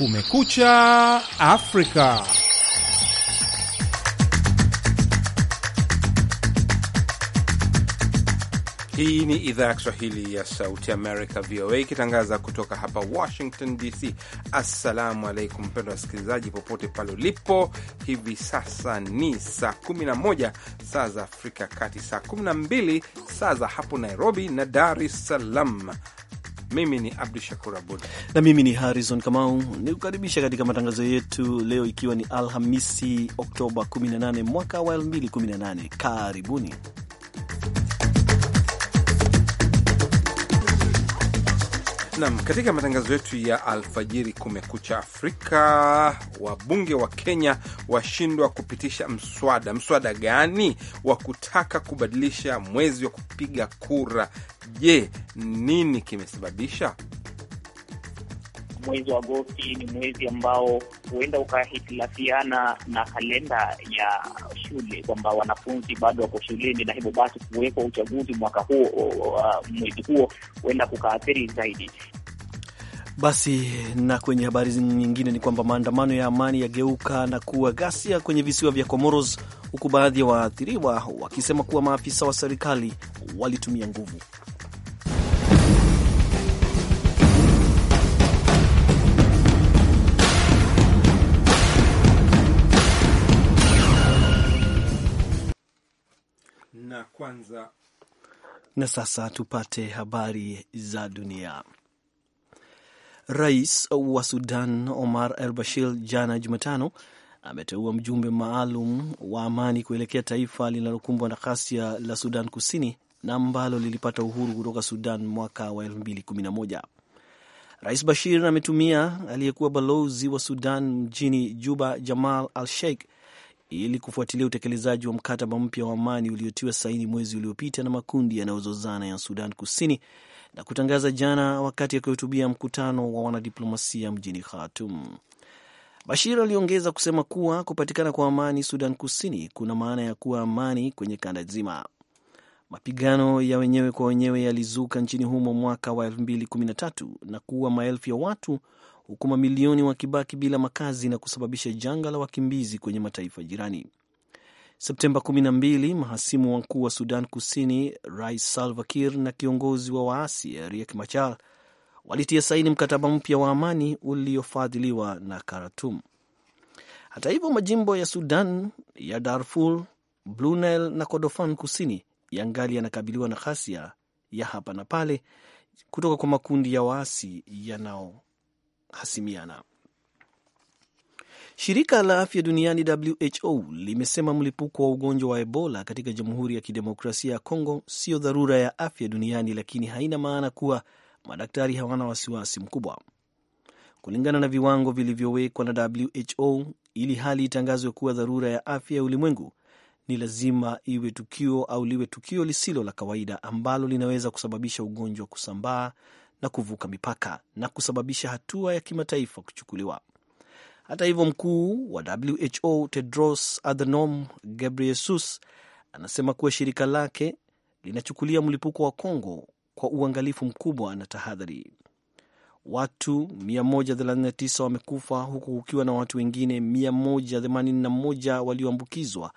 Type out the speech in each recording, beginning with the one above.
Kumekucha Afrika. Hii ni idhaa ya Kiswahili ya Sauti Amerika, VOA, ikitangaza kutoka hapa Washington DC. Assalamu alaikum, mpendwa wasikilizaji, popote pale ulipo. Hivi sasa ni saa 11 saa za Afrika Kati, saa 12 saa za hapo Nairobi na Dar es Salaam. Mimi ni Abdu Shakur Abud na mimi ni Harrison Kamau, ni kukaribisha katika matangazo yetu leo, ikiwa ni Alhamisi Oktoba 18 mwaka wa 2018. Karibuni. Nam, katika matangazo yetu ya alfajiri kumekucha Afrika, wabunge wa Kenya washindwa kupitisha mswada. Mswada gani wa kutaka kubadilisha mwezi wa kupiga kura? Je, nini kimesababisha? Mwezi wa Agosti ni mwezi ambao huenda ukahitilafiana na kalenda ya shule kwamba wanafunzi bado wako shuleni, na hivyo basi kuwekwa uchaguzi mwaka huo, uh, mwezi huo huenda kukaathiri zaidi. Basi na kwenye habari nyingine ni kwamba maandamano ya amani yageuka na kuwa ghasia kwenye visiwa vya Comoros, huku baadhi ya wa waathiriwa wakisema kuwa maafisa wa serikali walitumia nguvu. Na kwanza, na sasa tupate habari za dunia. Rais wa Sudan Omar al Bashir jana Jumatano ameteua mjumbe maalum wa amani kuelekea taifa linalokumbwa na ghasia la Sudan Kusini na ambalo lilipata uhuru kutoka Sudan mwaka wa 2011. Rais Bashir ametumia aliyekuwa balozi wa Sudan mjini Juba, Jamal al Sheikh, ili kufuatilia utekelezaji wa mkataba mpya wa amani uliotiwa saini mwezi uliopita na makundi yanayozozana ya Sudan Kusini na kutangaza jana wakati akihutubia mkutano wa wanadiplomasia mjini Khartoum. Bashir aliongeza kusema kuwa kupatikana kwa amani Sudan Kusini kuna maana ya kuwa amani kwenye kanda zima. Mapigano ya wenyewe kwa wenyewe yalizuka nchini humo mwaka wa 2013 na kuua maelfu ya watu huku mamilioni wakibaki bila makazi na kusababisha janga la wakimbizi kwenye mataifa jirani. Septemba 12 mahasimu wakuu wa Sudan Kusini, Rais Salva Kiir na kiongozi wa waasi Riek Machar walitia saini mkataba mpya wa amani uliofadhiliwa na Khartoum. Hata hivyo, majimbo ya Sudan ya Darfur, Blue Nile na Kordofan Kusini yangali yanakabiliwa na ghasia ya hapa na pale kutoka kwa makundi ya waasi yanaohasimiana Shirika la afya duniani WHO limesema mlipuko wa ugonjwa wa Ebola katika Jamhuri ya Kidemokrasia ya Kongo sio dharura ya afya duniani, lakini haina maana kuwa madaktari hawana wasiwasi mkubwa, kulingana na viwango vilivyowekwa na WHO. Ili hali itangazwe kuwa dharura ya afya ya ulimwengu, ni lazima iwe tukio au liwe tukio lisilo la kawaida ambalo linaweza kusababisha ugonjwa kusambaa na kuvuka mipaka na kusababisha hatua ya kimataifa kuchukuliwa. Hata hivyo, mkuu wa WHO Tedros Adhanom Ghebreyesus anasema kuwa shirika lake linachukulia mlipuko wa Kongo kwa uangalifu mkubwa na tahadhari. Watu 139 wamekufa huku kukiwa na watu wengine 181 walioambukizwa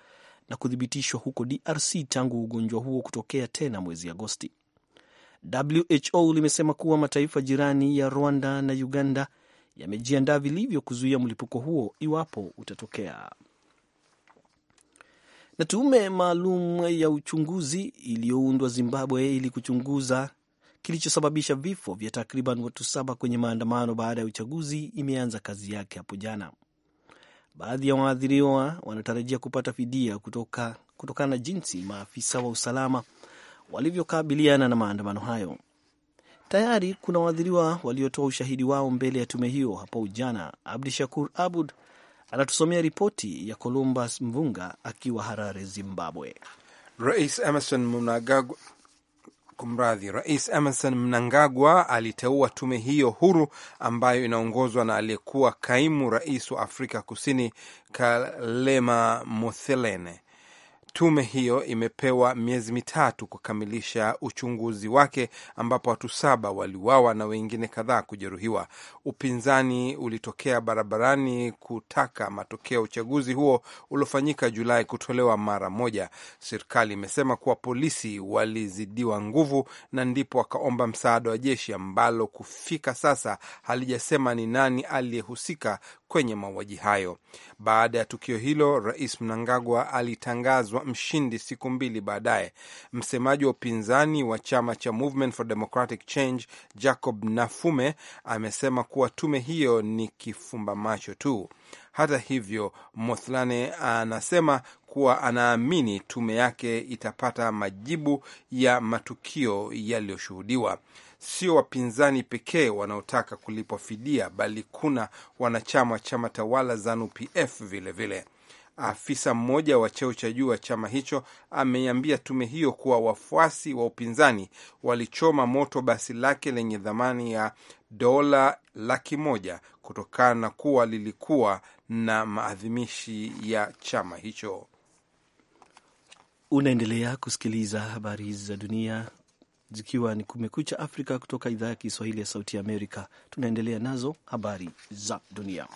na kuthibitishwa huko DRC tangu ugonjwa huo kutokea tena mwezi Agosti. WHO limesema kuwa mataifa jirani ya Rwanda na Uganda yamejiandaa vilivyo kuzuia mlipuko huo iwapo utatokea. Na tume maalum ya uchunguzi iliyoundwa Zimbabwe ili kuchunguza kilichosababisha vifo vya takriban watu saba kwenye maandamano baada ya uchaguzi imeanza kazi yake hapo jana. Baadhi ya waathiriwa wanatarajia kupata fidia kutoka kutokana na jinsi maafisa wa usalama walivyokabiliana na maandamano hayo. Tayari kuna waathiriwa waliotoa ushahidi wao mbele ya tume hiyo hapo ujana Abdi Shakur Abud anatusomea ripoti ya Columbus Mvunga akiwa Harare, Zimbabwe. Rais Emerson Mnangagwa, kumradhi, Rais Emerson Mnangagwa aliteua tume hiyo huru ambayo inaongozwa na aliyekuwa kaimu rais wa Afrika Kusini kalema Mothelene Tume hiyo imepewa miezi mitatu kukamilisha uchunguzi wake, ambapo watu saba waliuawa na wengine kadhaa kujeruhiwa. Upinzani ulitokea barabarani kutaka matokeo ya uchaguzi huo uliofanyika Julai kutolewa mara moja. Serikali imesema kuwa polisi walizidiwa nguvu na ndipo wakaomba msaada wa jeshi, ambalo kufika sasa halijasema ni nani aliyehusika kwenye mauaji hayo. Baada ya tukio hilo, Rais Mnangagwa alitangazwa mshindi siku mbili baadaye. Msemaji wa upinzani wa chama cha Movement for Democratic Change Jacob Nafume amesema kuwa tume hiyo ni kifumba macho tu. Hata hivyo, Mothlane anasema kuwa anaamini tume yake itapata majibu ya matukio yaliyoshuhudiwa. Sio wapinzani pekee wanaotaka kulipwa fidia, bali kuna wanachama wa chama tawala ZANU-PF vilevile vile. Afisa mmoja wa cheo cha juu wa chama hicho ameiambia tume hiyo kuwa wafuasi wa upinzani walichoma moto basi lake lenye thamani ya dola laki moja kutokana na kuwa lilikuwa na maadhimishi ya chama hicho. Unaendelea kusikiliza habari hizi za dunia zikiwa ni Kumekucha Afrika kutoka idhaa ya Kiswahili ya Sauti ya Amerika. Tunaendelea nazo habari za dunia.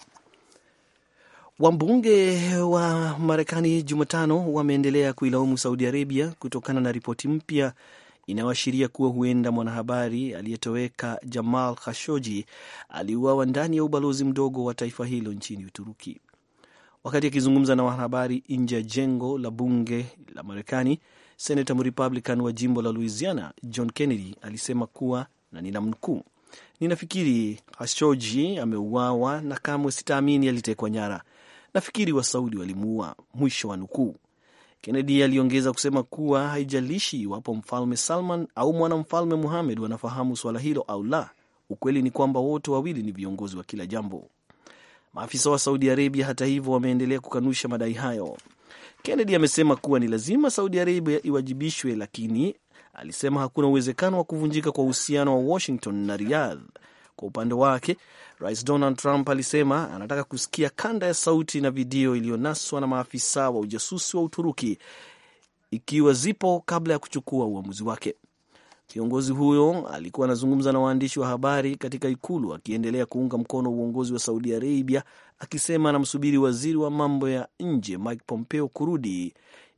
Wabunge wa Marekani Jumatano wameendelea kuilaumu Saudi Arabia kutokana na ripoti mpya inayoashiria kuwa huenda mwanahabari aliyetoweka Jamal Khashoggi aliuawa ndani ya ubalozi mdogo wa taifa hilo nchini Uturuki. Wakati akizungumza na wanahabari nje ya jengo la bunge la Marekani, senata Mrepublican wa jimbo la Louisiana John Kennedy alisema kuwa na ninamnukuu, ninafikiri Hashoji ameuawa na kamwe sitaamini alitekwa nyara. Nafikiri Wasaudi walimuua, mwisho wa nukuu. Kennedy aliongeza kusema kuwa haijalishi iwapo mfalme Salman au mwanamfalme Muhamed wanafahamu swala hilo au la, ukweli ni kwamba wote wawili ni viongozi wa kila jambo. Maafisa wa Saudi Arabia hata hivyo wameendelea kukanusha madai hayo. Kennedy amesema kuwa ni lazima Saudi Arabia iwajibishwe, lakini alisema hakuna uwezekano wa kuvunjika kwa uhusiano wa Washington na Riyadh. Kwa upande wake, Rais Donald Trump alisema anataka kusikia kanda ya sauti na video iliyonaswa na maafisa wa ujasusi wa Uturuki ikiwa zipo kabla ya kuchukua uamuzi wake. Kiongozi huyo alikuwa anazungumza na waandishi wa habari katika ikulu akiendelea kuunga mkono uongozi wa Saudi Arabia, akisema anamsubiri waziri wa mambo ya nje Mike Pompeo kurudi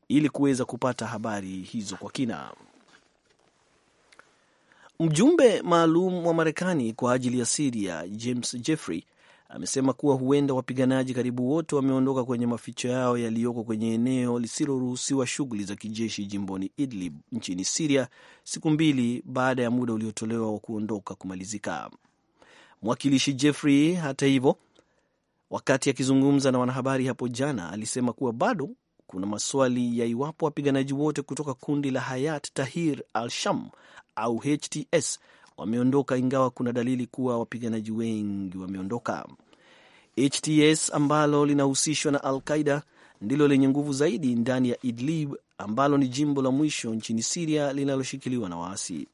ili kuweza kupata habari hizo kwa kina. Mjumbe maalum wa Marekani kwa ajili ya Siria James Jeffrey amesema kuwa huenda wapiganaji karibu wote wameondoka kwenye maficho yao yaliyoko kwenye eneo lisiloruhusiwa shughuli za kijeshi jimboni Idlib nchini Siria, siku mbili baada ya muda uliotolewa wa kuondoka kumalizika. Mwakilishi Jeffrey, hata hivyo, wakati akizungumza na wanahabari hapo jana, alisema kuwa bado kuna maswali ya iwapo wapiganaji wote kutoka kundi la Hayat Tahrir al-Sham au HTS wameondoka, ingawa kuna dalili kuwa wapiganaji wengi wameondoka. HTS ambalo linahusishwa na Al Qaida ndilo lenye nguvu zaidi ndani ya Idlib ambalo ni jimbo la mwisho nchini Siria linaloshikiliwa na waasi.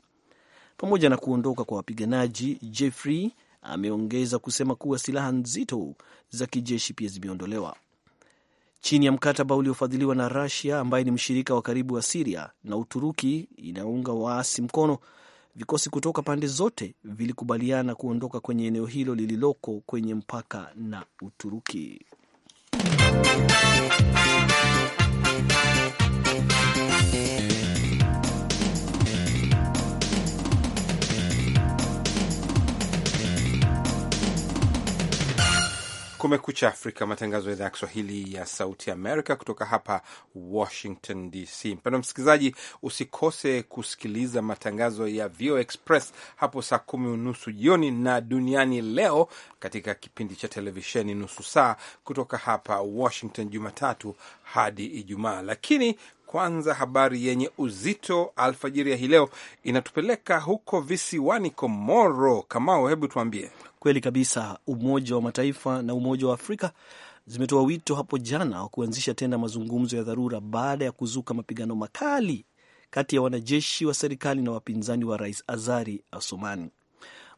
Pamoja na kuondoka kwa wapiganaji, Jeffrey ameongeza kusema kuwa silaha nzito za kijeshi pia zimeondolewa chini ya mkataba uliofadhiliwa na rasia ambaye ni mshirika wa karibu wa Siria na Uturuki inaunga waasi mkono. Vikosi kutoka pande zote vilikubaliana kuondoka kwenye eneo hilo lililoko kwenye mpaka na Uturuki. Kumekucha Afrika, matangazo ya idhaa ya Kiswahili ya Sauti Amerika kutoka hapa Washington DC. Mpendwa msikilizaji, usikose kusikiliza matangazo ya VO Express hapo saa kumi unusu jioni na Duniani Leo katika kipindi cha televisheni nusu saa kutoka hapa Washington, Jumatatu hadi Ijumaa. Lakini kwanza habari yenye uzito alfajiri ya hii leo inatupeleka huko visiwani Komoro. Kamao, hebu tuambie. Kweli kabisa, Umoja wa Mataifa na Umoja wa Afrika zimetoa wito hapo jana wa kuanzisha tena mazungumzo ya dharura baada ya kuzuka mapigano makali kati ya wanajeshi wa serikali na wapinzani wa Rais Azari Asumani.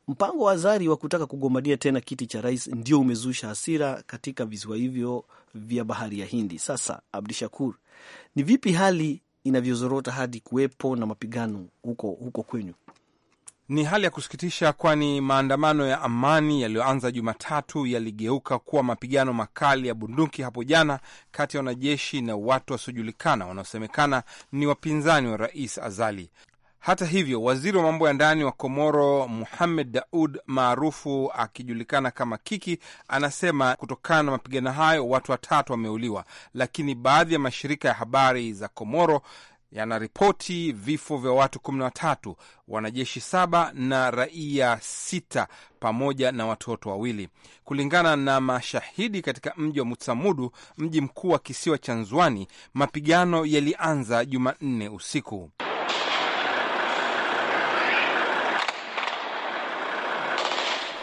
Mpango wa Azari wa kutaka kugombania tena kiti cha rais ndio umezusha hasira katika visiwa hivyo vya bahari ya Hindi. Sasa, Abdi Shakur, ni vipi hali inavyozorota hadi kuwepo na mapigano huko, huko kwenyu? Ni hali ya kusikitisha, kwani maandamano ya amani yaliyoanza Jumatatu yaligeuka kuwa mapigano makali ya bunduki hapo jana kati ya wanajeshi na watu wasiojulikana wanaosemekana ni wapinzani wa rais Azali. Hata hivyo, waziri wa mambo ya ndani wa Komoro Muhamed Daud maarufu akijulikana kama Kiki anasema kutokana na mapigano hayo watu watatu wameuliwa, lakini baadhi ya mashirika ya habari za Komoro yanaripoti vifo vya watu kumi na watatu, wanajeshi saba na raia sita pamoja na watoto wawili, kulingana na mashahidi katika mji wa Mutsamudu, mji mkuu wa kisiwa cha Nzwani. Mapigano yalianza Jumanne usiku.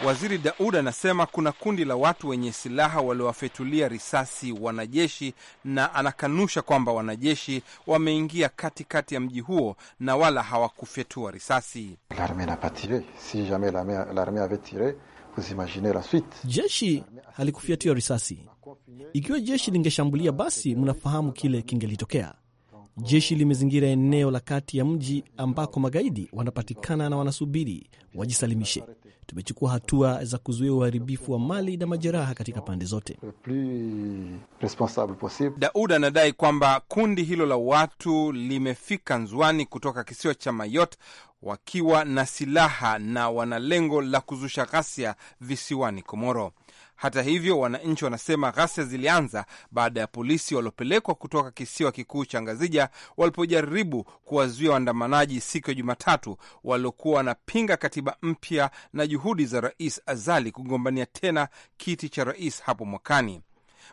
Waziri Daud anasema kuna kundi la watu wenye silaha waliowafyatulia risasi wanajeshi, na anakanusha kwamba wanajeshi wameingia katikati ya mji huo na wala hawakufyatua risasi. Jeshi halikufyatua risasi. Ikiwa jeshi lingeshambulia, basi mnafahamu kile kingelitokea. Jeshi limezingira eneo la kati ya mji ambako magaidi wanapatikana na wanasubiri wajisalimishe. Tumechukua hatua za kuzuia uharibifu wa mali na majeraha katika pande zote. Daud anadai kwamba kundi hilo la watu limefika Nzwani kutoka kisiwa cha Mayot wakiwa na silaha na wana lengo la kuzusha ghasia visiwani Komoro. Hata hivyo, wananchi wanasema ghasia zilianza baada ya polisi waliopelekwa kutoka kisiwa kikuu cha Ngazija walipojaribu kuwazuia waandamanaji siku ya Jumatatu waliokuwa wanapinga katiba mpya na juhudi za Rais Azali kugombania tena kiti cha rais hapo mwakani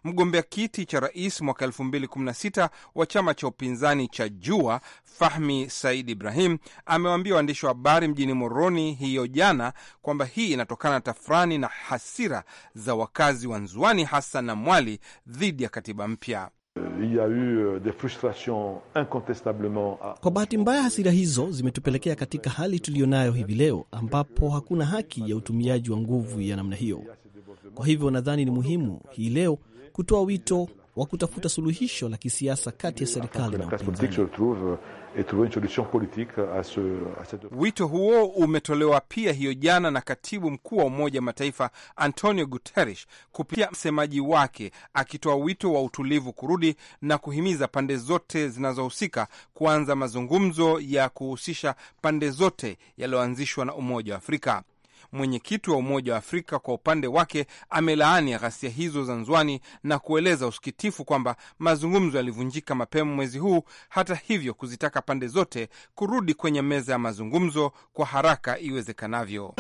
mgombea kiti cha rais mwaka 2016 wa chama cha upinzani cha Jua, Fahmi Said Ibrahim, amewaambia waandishi wa habari mjini Moroni hiyo jana kwamba hii inatokana na tafrani na hasira za wakazi wa Nzwani, hasa na Mwali, dhidi ya katiba mpya. Euh, Kwa bahati mbaya, hasira hizo zimetupelekea katika hali tuliyonayo hivi leo, ambapo hakuna haki ya utumiaji wa nguvu ya namna hiyo. Kwa hivyo nadhani ni muhimu hii leo kutoa wito wa kutafuta suluhisho la kisiasa kati ya serikali na upinzani. Euh, wito huo umetolewa pia hiyo jana na katibu mkuu wa Umoja wa Mataifa Antonio Guterres kupitia msemaji wake akitoa wito wa utulivu kurudi na kuhimiza pande zote zinazohusika kuanza mazungumzo ya kuhusisha pande zote yaliyoanzishwa na Umoja wa Afrika mwenyekiti wa Umoja wa Afrika kwa upande wake amelaani ghasia hizo za Nzwani na kueleza usikitifu kwamba mazungumzo yalivunjika mapema mwezi huu, hata hivyo kuzitaka pande zote kurudi kwenye meza ya mazungumzo kwa haraka iwezekanavyo.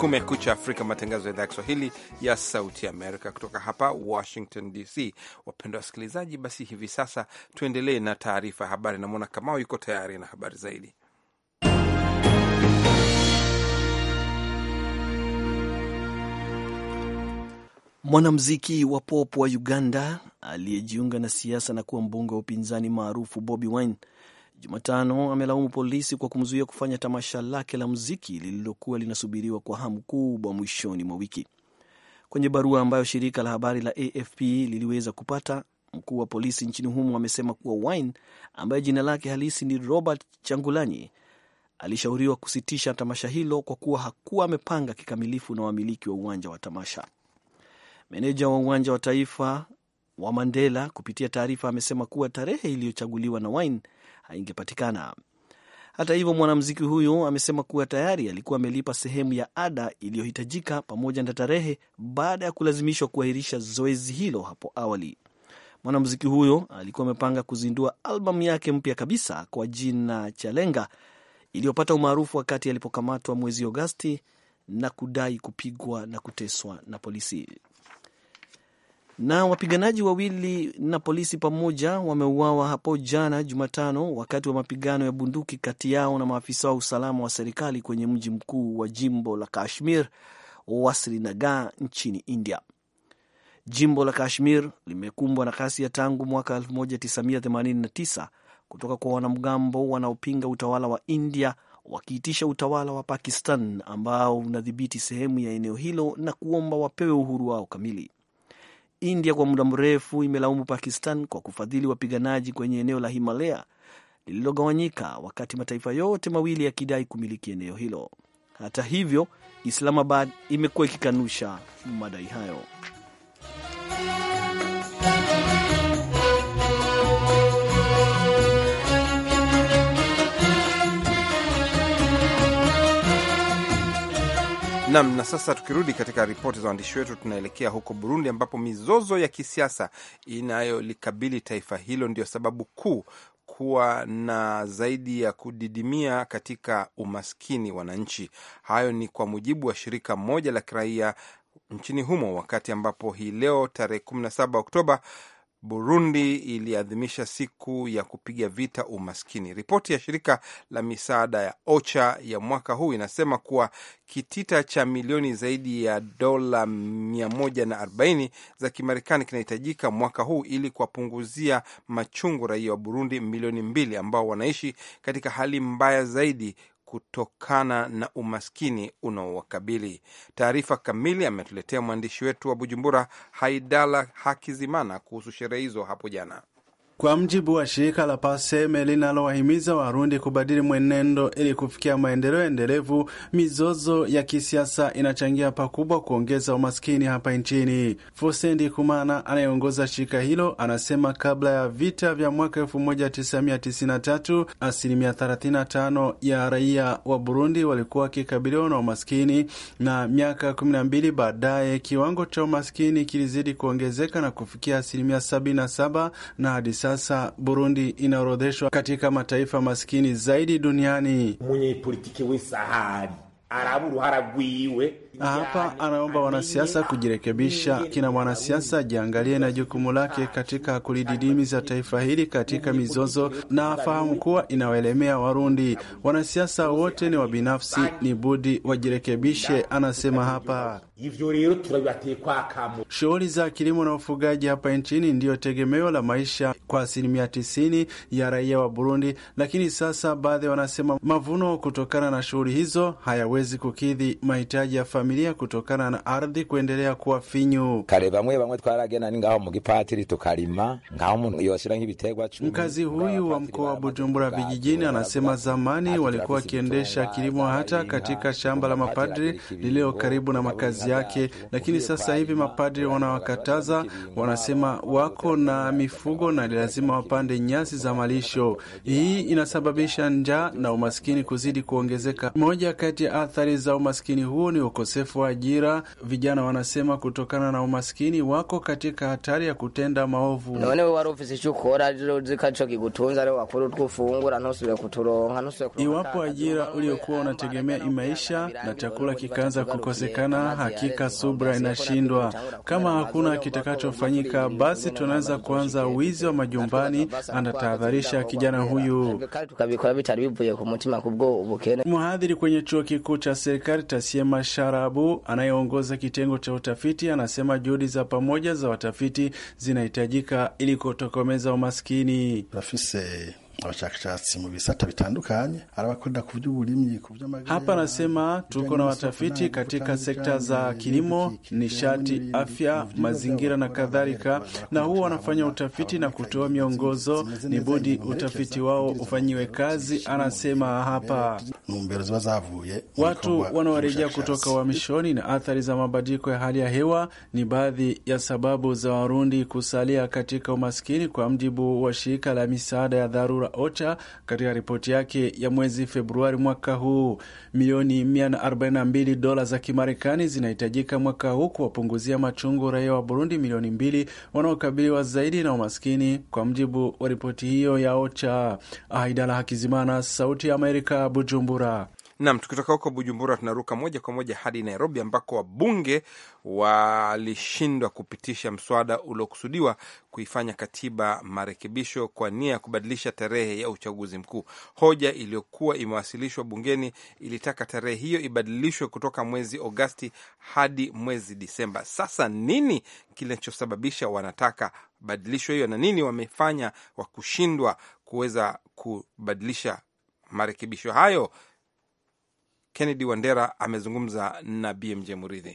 Kumekucha Afrika, matangazo ya idhaa ya Kiswahili ya Sauti Amerika kutoka hapa Washington DC. Wapendwa wasikilizaji, basi hivi sasa tuendelee na taarifa ya habari. Namwona Kamao yuko tayari na habari zaidi. Mwanamuziki wa pop wa Uganda aliyejiunga na siasa na kuwa mbunge wa upinzani maarufu Bobi Wine Jumatano amelaumu polisi kwa kumzuia kufanya tamasha lake la muziki lililokuwa linasubiriwa kwa hamu kubwa mwishoni mwa wiki. Kwenye barua ambayo shirika la habari la AFP liliweza kupata, mkuu wa polisi nchini humo amesema kuwa Wine ambaye jina lake halisi ni Robert Changulanyi alishauriwa kusitisha tamasha hilo kwa kuwa hakuwa amepanga kikamilifu na wamiliki wa uwanja wa tamasha. Meneja wa uwanja wa taifa wa Mandela kupitia taarifa amesema kuwa tarehe iliyochaguliwa na Wine haingepatikana. Hata hivyo, mwanamuziki huyo amesema kuwa tayari alikuwa amelipa sehemu ya ada iliyohitajika pamoja na tarehe baada ya kulazimishwa kuahirisha zoezi hilo hapo awali. Mwanamuziki huyo alikuwa amepanga kuzindua albamu yake mpya kabisa kwa jina Chalenga iliyopata umaarufu wakati alipokamatwa mwezi Agosti na kudai kupigwa na kuteswa na polisi. Na wapiganaji wawili na polisi pamoja wameuawa hapo jana Jumatano wakati wa mapigano ya bunduki kati yao na maafisa wa usalama wa serikali kwenye mji mkuu wa jimbo la Kashmir wa Srinagar nchini India. Jimbo la Kashmir limekumbwa na kasi ya tangu mwaka 1989 kutoka kwa wanamgambo wanaopinga utawala wa India wakiitisha utawala wa Pakistan ambao unadhibiti sehemu ya eneo hilo na kuomba wapewe uhuru wao kamili. India kwa muda mrefu imelaumu Pakistan kwa kufadhili wapiganaji kwenye eneo la Himalaya lililogawanyika, wakati mataifa yote mawili yakidai kumiliki eneo hilo. Hata hivyo, Islamabad imekuwa ikikanusha madai hayo. Nam. Na sasa tukirudi katika ripoti za waandishi wetu, tunaelekea huko Burundi ambapo mizozo ya kisiasa inayolikabili taifa hilo ndio sababu kuu kuwa na zaidi ya kudidimia katika umaskini wananchi. Hayo ni kwa mujibu wa shirika moja la kiraia nchini humo, wakati ambapo hii leo tarehe 17 Oktoba Burundi iliadhimisha siku ya kupiga vita umaskini. Ripoti ya shirika la misaada ya OCHA ya mwaka huu inasema kuwa kitita cha milioni zaidi ya dola 140 za Kimarekani kinahitajika mwaka huu ili kuwapunguzia machungu raia wa Burundi milioni mbili ambao wanaishi katika hali mbaya zaidi kutokana na umaskini unaowakabili. Taarifa kamili ametuletea mwandishi wetu wa Bujumbura, Haidala Hakizimana, kuhusu sherehe hizo hapo jana. Kwa mjibu wa shirika la Paseme linalowahimiza Warundi kubadili mwenendo ili kufikia maendeleo endelevu, mizozo ya kisiasa inachangia pakubwa kuongeza umaskini hapa nchini. Fosendi Kumana anayeongoza shirika hilo anasema kabla ya vita vya mwaka 1993 asilimia 35 ya raia wa Burundi walikuwa wakikabiliwa na umaskini, na miaka 12 baadaye kiwango cha umaskini kilizidi kuongezeka na kufikia asilimia 77 na hadi sasa Burundi inaorodheshwa katika mataifa maskini zaidi duniani. mwenye politiki hapa anaomba wanasiasa kujirekebisha. Kila mwanasiasa ajiangalie na jukumu lake katika kulididimiza taifa hili katika mizozo, na afahamu kuwa inawaelemea Warundi. Wanasiasa wote ni wabinafsi, ni budi wajirekebishe, anasema hapa. Hivyo leo turabibateye kwakamura. Shughuli za kilimo na ufugaji hapa nchini ndiyo tegemeo la maisha kwa asilimia tisini ya raia wa Burundi, lakini sasa baadhi wanasema mavuno kutokana na shughuli hizo hayawezi kukidhi mahitaji ya familia kutokana na ardhi kuendelea kuwa finyu. kare bamwe bamwe twaragena ni ngaho mugipatiri tukalima ngaho umuntu yoshira nk'ibitegwa cumi. Mkazi huyu wa mkoa wa Bujumbura vijijini anasema zamani walikuwa wakiendesha kilimo hata katika shamba la mapadri lililo karibu na makazi yake, lakini sasa hivi mapadri wanawakataza, wanasema wako na mifugo na lazima wapande nyasi za malisho. Hii inasababisha njaa na umaskini kuzidi kuongezeka. Moja kati ya athari za umaskini huo ni ukosefu wa ajira. Vijana wanasema kutokana na umaskini wako katika hatari ya kutenda maovu. Iwapo ajira uliokuwa unategemea imaisha na chakula kikaanza kukosekana, hakika subra inashindwa. Kama hakuna kitakachofanyika, basi tunaweza kuanza wizi wa majumbani, anatahadharisha kijana huyu. Mhadhiri kwenye chuo kikuu cha serikali Tasiema Sharabu anayeongoza kitengo cha utafiti anasema juhudi za pamoja za watafiti zinahitajika ili kutokomeza umaskini abashakashatsi mu bisata bitandukanye arabakorera ku by'uburimyi ku by'amagara. Hapa anasema tuko na watafiti katika sekta za kilimo, nishati, afya, mazingira na kadhalika, na huwa wanafanya utafiti na kutoa miongozo. Ni budi utafiti wao ufanyiwe kazi, anasema hapa. Watu wanaorejea kutoka uhamishoni na athari za mabadiliko ya hali ya hewa ni baadhi ya sababu za Warundi kusalia katika umaskini, kwa mjibu wa shirika la misaada ya dharura OCHA katika ripoti yake ya mwezi Februari mwaka huu. Milioni 142 dola za Kimarekani zinahitajika mwaka huu kuwapunguzia machungu raia wa Burundi milioni mbili wanaokabiliwa zaidi na umaskini, kwa mjibu wa ripoti hiyo ya OCHA. Aidala Hakizimana, Sauti ya Amerika, Bujumbura. Bujumbura. Nam, tukitoka huko Bujumbura tunaruka moja kwa moja hadi Nairobi ambako wabunge walishindwa kupitisha mswada uliokusudiwa kuifanya katiba marekebisho kwa nia ya kubadilisha tarehe ya uchaguzi mkuu. Hoja iliyokuwa imewasilishwa bungeni ilitaka tarehe hiyo ibadilishwe kutoka mwezi Agosti hadi mwezi Disemba. Sasa nini kinachosababisha wanataka badilisho hiyo na nini wamefanya wa kushindwa kuweza kubadilisha marekebisho hayo? Kennedy Wandera amezungumza na BMJ Muridhi.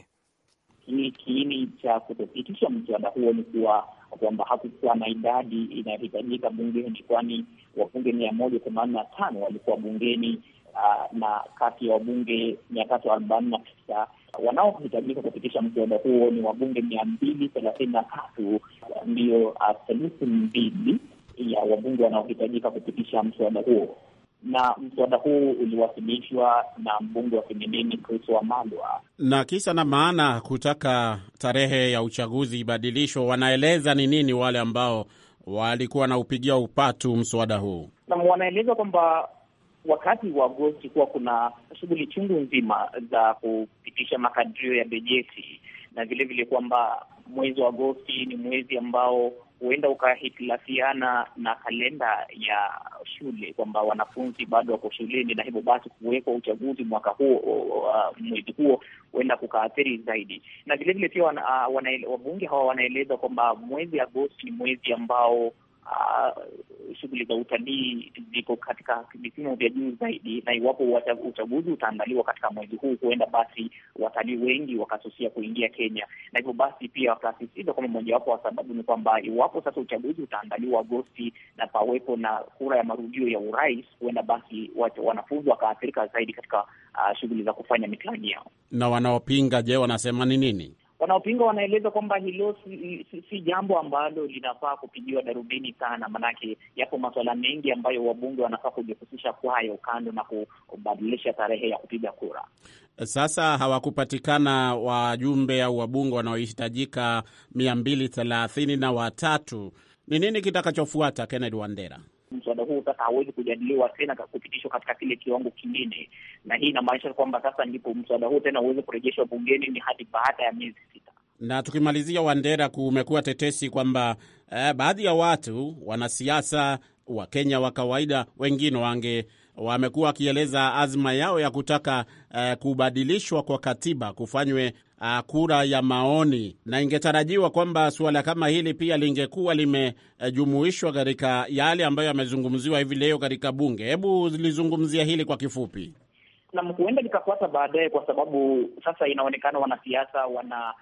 Kiini cha kutopitisha mswada huo ni kuwa kwamba hakukuwa na idadi inayohitajika bungeni, kwani wabunge mia moja themanini na tano walikuwa bungeni uh, na kati ya wabunge mia tatu arobaini na tisa wanaohitajika kupitisha mswada huo ni wabunge mia mbili thelathini na tatu ndiyo theluthi mbili ya wabunge wanaohitajika kupitisha mswada huo na mswada huu uliwasilishwa na mbunge wa Kinilini Chris Wamalwa, na kisa na maana kutaka tarehe ya uchaguzi ibadilishwe. Wanaeleza ni nini wale ambao walikuwa na upigia upatu mswada huu, Nam, wanaeleza kwamba wakati wa Agosti kuwa kuna shughuli chungu nzima za kupitisha makadirio ya bajeti, na vilevile kwamba mwezi wa Agosti ni mwezi ambao huenda ukahitilafiana na kalenda ya shule kwamba wanafunzi bado wako shuleni, na hivyo basi kuwekwa uchaguzi mwaka huo uh, mwezi huo huenda kukaathiri zaidi. Na vilevile pia wana, uh, wabunge hawa wanaeleza kwamba mwezi Agosti ni mwezi ambao uh, shughuli za utalii ziko katika vipimo vya juu zaidi, na iwapo uchaguzi utaandaliwa katika mwezi huu, huenda basi watalii wengi wakasusia kuingia Kenya, na hivyo basi pia wakasisitiza kwamba mojawapo wa sababu ni kwamba iwapo sasa uchaguzi utaandaliwa Agosti na pawepo na kura ya marudio ya urais, huenda basi wanafunzi wakaathirika zaidi katika uh, shughuli za kufanya mitihani yao. Na wanaopinga je, wanasema ni nini? Wanaopinga wanaeleza kwamba hilo si, si, si jambo ambalo linafaa kupigiwa darubini sana, maanake yapo masuala mengi ambayo wabunge wanafaa kujihusisha kwayo, kando na kubadilisha tarehe ya kupiga kura. Sasa hawakupatikana wajumbe au wabunge wanaohitajika mia mbili thelathini na watatu. Ni nini kitakachofuata, Kennedy Wandera? mswada huu sasa hawezi kujadiliwa tena kupitishwa katika kile kiwango kingine, na hii inamaanisha kwamba sasa ndipo mswada huu tena uweze kurejeshwa bungeni ni hadi baada ya miezi sita. Na tukimalizia, Wandera, kumekuwa tetesi kwamba eh, baadhi ya watu wanasiasa Wakenya wa kawaida wengine wange wamekuwa wakieleza azma yao ya kutaka uh, kubadilishwa kwa katiba kufanywe uh, kura ya maoni, na ingetarajiwa kwamba suala kama hili pia lingekuwa limejumuishwa uh, katika yale ambayo yamezungumziwa hivi leo katika bunge. Hebu lizungumzia hili kwa kifupi. Na huenda likafuata baadaye, kwa sababu sasa inaonekana wanasiasa wana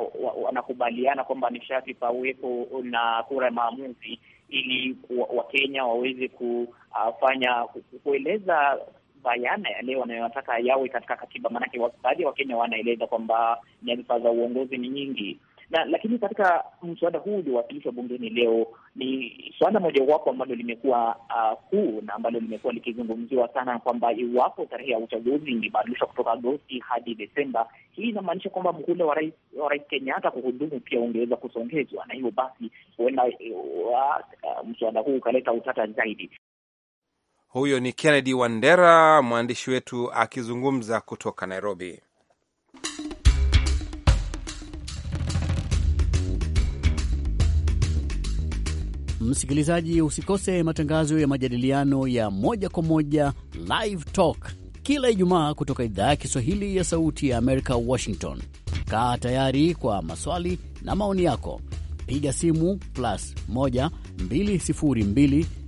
uh, wanakubaliana kwamba nishati pawepo na kura ya maamuzi ili Wakenya waweze kufanya ah, kueleza bayana yale wanayotaka yawe katika katiba, maanake baadhi ya Wakenya wanaeleza kwamba nyadhifa za uongozi ni nyingi na lakini katika mswada huu uliowasilishwa bungeni leo ni swala mojawapo ambalo limekuwa ah, kuu na ambalo limekuwa likizungumziwa sana kwamba iwapo tarehe ya uchaguzi ingebadilishwa kutoka Agosti hadi Desemba, hii inamaanisha kwamba mhula wa rais wa rais Kenyatta kuhudumu pia ungeweza kusongezwa, na hivyo basi huenda uh, uh, mswada huu ukaleta utata zaidi. Huyo ni Kennedy Wandera, mwandishi wetu akizungumza kutoka Nairobi. Msikilizaji, usikose matangazo ya majadiliano ya moja kwa moja, Live Talk, kila Ijumaa kutoka idhaa ya Kiswahili ya Sauti ya Amerika, Washington. Kaa tayari kwa maswali na maoni yako, piga simu plus 1 202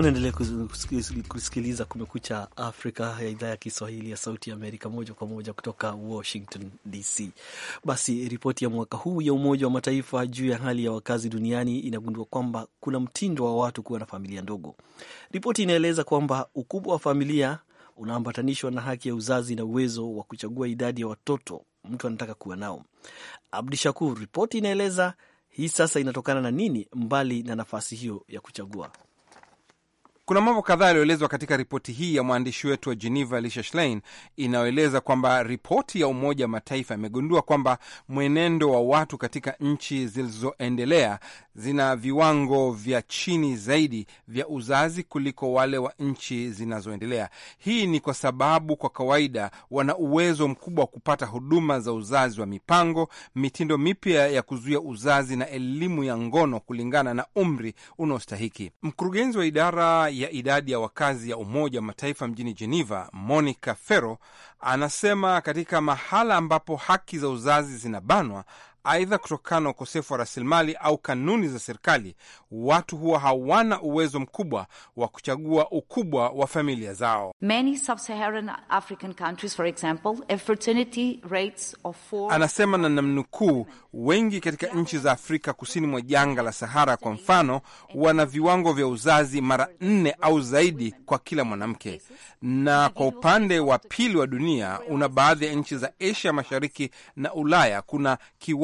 Unaendelea kusikiliza Kumekucha Afrika ya idhaa ya Kiswahili ya Sauti ya Amerika, moja kwa moja kutoka Washington DC. Basi, ripoti ya mwaka huu ya Umoja wa Mataifa juu ya hali ya wakazi duniani inagundua kwamba kuna mtindo wa watu kuwa na familia ndogo. Ripoti inaeleza kwamba ukubwa wa familia unaambatanishwa na haki ya uzazi na uwezo wa kuchagua idadi ya watoto mtu anataka kuwa nao. Shakur, ripoti inaeleza hii sasa inatokana na nini mbali na nafasi hiyo ya kuchagua? Kuna mambo kadhaa yaliyoelezwa katika ripoti hii ya mwandishi wetu wa Geneva, lisha Schlein, inayoeleza kwamba ripoti ya Umoja wa Mataifa imegundua kwamba mwenendo wa watu katika nchi zilizoendelea zina viwango vya chini zaidi vya uzazi kuliko wale wa nchi zinazoendelea. Hii ni kwa sababu kwa kawaida wana uwezo mkubwa wa kupata huduma za uzazi wa mipango, mitindo mipya ya kuzuia uzazi na elimu ya ngono kulingana na umri unaostahiki. Mkurugenzi wa idara ya idadi ya wakazi ya Umoja wa Mataifa mjini Geneva, Monica Ferro anasema katika mahala ambapo haki za uzazi zinabanwa, Aidha, kutokana na ukosefu wa rasilimali au kanuni za serikali, watu huwa hawana uwezo mkubwa wa kuchagua ukubwa wa familia zao. Many sub-Saharan African countries, for example, fertility rates of four... Anasema na namnukuu, wengi katika nchi za Afrika kusini mwa janga la Sahara kwa mfano, wana viwango vya uzazi mara nne au zaidi kwa kila mwanamke, na kwa upande wa pili wa dunia una baadhi ya nchi za Asia Mashariki na Ulaya kuna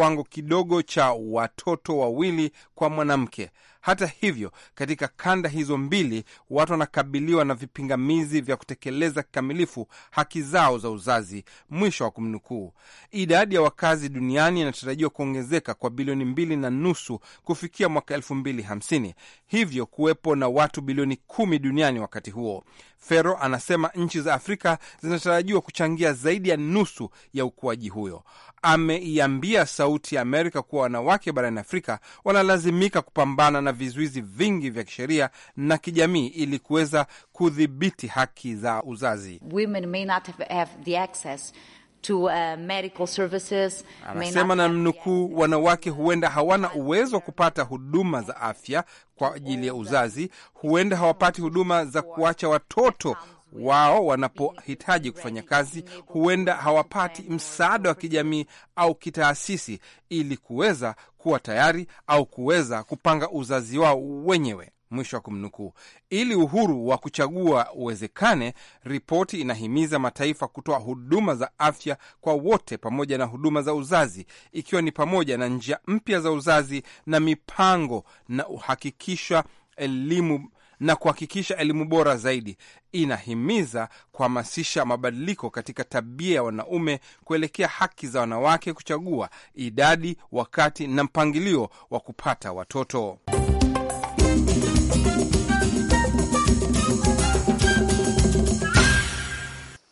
kiwango kidogo cha watoto wawili kwa mwanamke. Hata hivyo, katika kanda hizo mbili watu wanakabiliwa na vipingamizi vya kutekeleza kikamilifu haki zao za uzazi. Mwisho wa kumnukuu. Idadi ya wakazi duniani inatarajiwa kuongezeka kwa bilioni mbili na nusu kufikia mwaka elfu mbili hamsini, hivyo kuwepo na watu bilioni kumi duniani wakati huo. Fero anasema nchi za Afrika zinatarajiwa kuchangia zaidi ya nusu ya ukuaji huyo ameiambia Sauti ya Amerika kuwa wanawake barani Afrika wanalazimika kupambana na vizuizi vingi vya kisheria na kijamii ili kuweza kudhibiti haki za uzazi. Women may not have the access To, uh, medical services, anasema na mnukuu, wanawake huenda hawana uwezo wa kupata huduma za afya kwa ajili ya uzazi, huenda hawapati huduma za kuacha watoto wao wanapohitaji kufanya kazi huenda hawapati msaada wa kijamii au kitaasisi ili kuweza kuwa tayari au kuweza kupanga uzazi wao wenyewe. Mwisho wa kumnukuu. Ili uhuru wa kuchagua uwezekane, ripoti inahimiza mataifa kutoa huduma za afya kwa wote pamoja na huduma za uzazi, ikiwa ni pamoja na njia mpya za uzazi na mipango na uhakikisha elimu na kuhakikisha elimu bora zaidi. Inahimiza kuhamasisha mabadiliko katika tabia ya wanaume kuelekea haki za wanawake kuchagua idadi, wakati na mpangilio wa kupata watoto.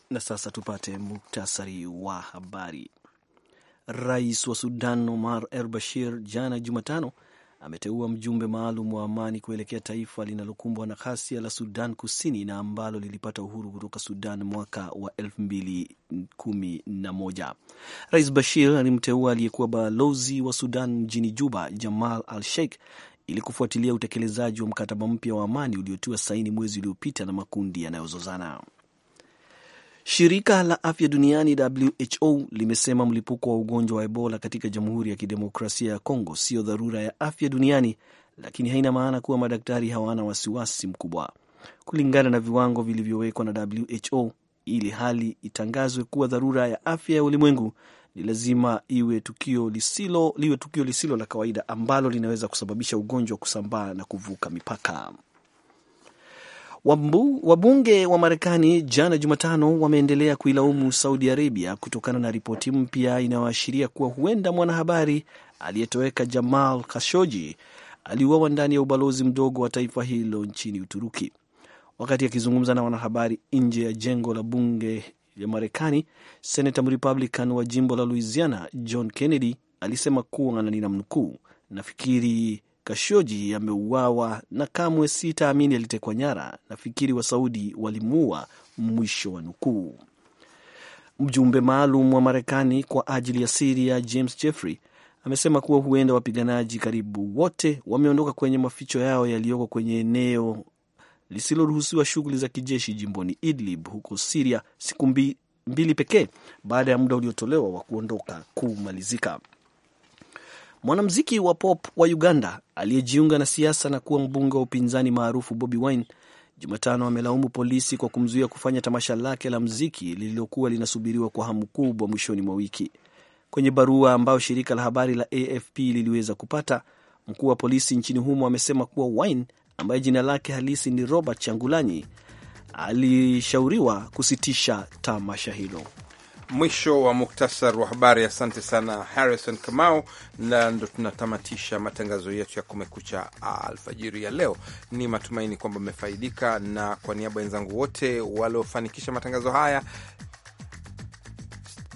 Na sasa tupate muktasari wa habari. Rais wa Sudan Omar el Bashir jana Jumatano ameteua mjumbe maalum wa amani kuelekea taifa linalokumbwa na ghasia la Sudan Kusini na ambalo lilipata uhuru kutoka Sudan mwaka wa 2011. Rais Bashir alimteua aliyekuwa balozi wa Sudan mjini Juba, Jamal al Sheikh, ili kufuatilia utekelezaji wa mkataba mpya wa amani uliotiwa saini mwezi uliopita na makundi yanayozozana. Shirika la afya duniani WHO limesema mlipuko wa ugonjwa wa Ebola katika Jamhuri ya Kidemokrasia ya Kongo sio dharura ya afya duniani, lakini haina maana kuwa madaktari hawana wasiwasi mkubwa, kulingana na viwango vilivyowekwa na WHO. Ili hali itangazwe kuwa dharura ya afya ya ulimwengu, ni lazima iwe tukio lisilo liwe tukio lisilo la kawaida ambalo linaweza kusababisha ugonjwa kusambaa na kuvuka mipaka. Wambu, wabunge wa Marekani jana Jumatano wameendelea kuilaumu Saudi Arabia kutokana na ripoti mpya inayoashiria kuwa huenda mwanahabari aliyetoweka Jamal Khashoggi aliuawa ndani ya ubalozi mdogo wa taifa hilo nchini Uturuki. Wakati akizungumza na wanahabari nje ya jengo la bunge ya Marekani, senata Mrepublican wa jimbo la Louisiana John Kennedy alisema kuwa, na ninamnukuu, nafikiri Kashoji ameuawa na kamwe sitaamini alitekwa nyara, nafikiri saudi walimuua, mwisho wa nukuu. Mjumbe maalum wa Marekani kwa ajili ya Siria James Jeffrey amesema kuwa huenda wapiganaji karibu wote wameondoka kwenye maficho yao yaliyoko kwenye eneo lisiloruhusiwa shughuli za kijeshi jimboni Idlib huko Siria, siku mbili pekee baada ya muda uliotolewa wa kuondoka kumalizika. Mwanamuziki wa pop wa Uganda aliyejiunga na siasa na kuwa mbunge wa upinzani maarufu Bobi Wine Jumatano amelaumu polisi kwa kumzuia kufanya tamasha lake la muziki lililokuwa linasubiriwa kwa hamu kubwa mwishoni mwa wiki. Kwenye barua ambayo shirika la habari la AFP liliweza kupata, mkuu wa polisi nchini humo amesema kuwa Wine ambaye jina lake halisi ni Robert Changulanyi alishauriwa kusitisha tamasha hilo. Mwisho wa muktasar wa habari. Asante sana Harrison Kamau, na ndo tunatamatisha matangazo yetu ya Kumekucha alfajiri ya leo. Ni matumaini kwamba mmefaidika, na kwa niaba wenzangu wote waliofanikisha matangazo haya,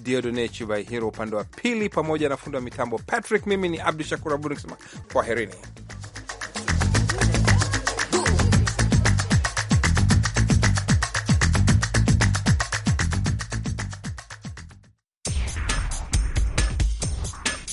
Diodone upande wa pili, pamoja na fundi wa mitambo Patrick, mimi ni Abdu Shakur Abud nikisema kwaherini.